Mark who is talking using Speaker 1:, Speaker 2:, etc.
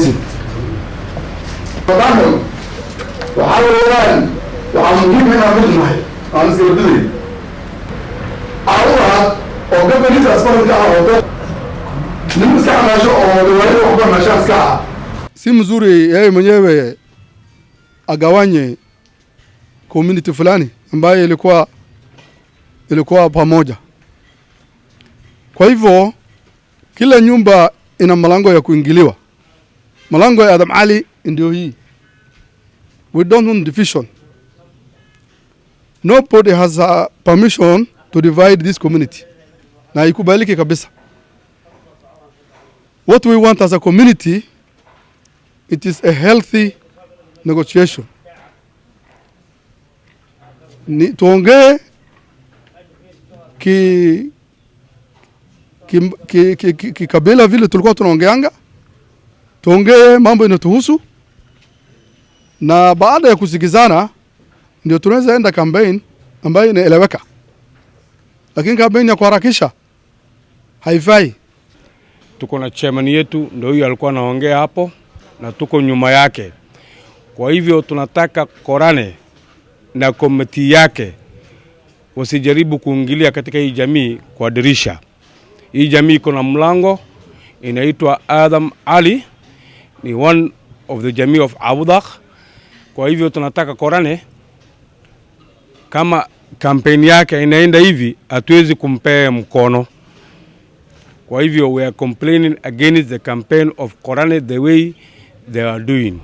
Speaker 1: Brexit. Sababu waxaa weeyaan waxaa muhiim inaan maqnahay aan isgabadalay carruuraha oo gabadhiisa asfaranka ah oo dad nin iska xamaasho oo riwaayada waxbarnashaa iska ah si mzuri yeye mwenyewe agawanye community fulani ambayo ilikuwa ilikuwa pamoja. Kwa hivyo kila nyumba ina malango ya kuingiliwa Malango ya Adam Ali ndio hii. We don't want division. Nobody has a uh, permission to divide this community. Na ikubaliki kabisa. What we want as a community, it is a healthy negotiation. Ni tuongee ki ki ki, ki, ki, ki kabila vile tulikuwa tunaongeanga tuongee mambo inatuhusu, na baada ya kusikizana ndio tunaweza enda campaign ambayo inaeleweka, lakini campaign ya kuharakisha haifai.
Speaker 2: Tuko na chairman yetu, ndio huyu alikuwa anaongea hapo, na tuko nyuma yake. Kwa hivyo tunataka Korane na komiti yake wasijaribu kuingilia katika hii jamii kwa dirisha. Hii jamii iko na mlango inaitwa Adam Ali ni one of the jamii of Abudakh. Kwa hivyo tunataka Korane, kama kampeni yake inaenda hivi, hatuwezi kumpea mkono. Kwa hivyo we are complaining against the campaign of Korane the way they are doing.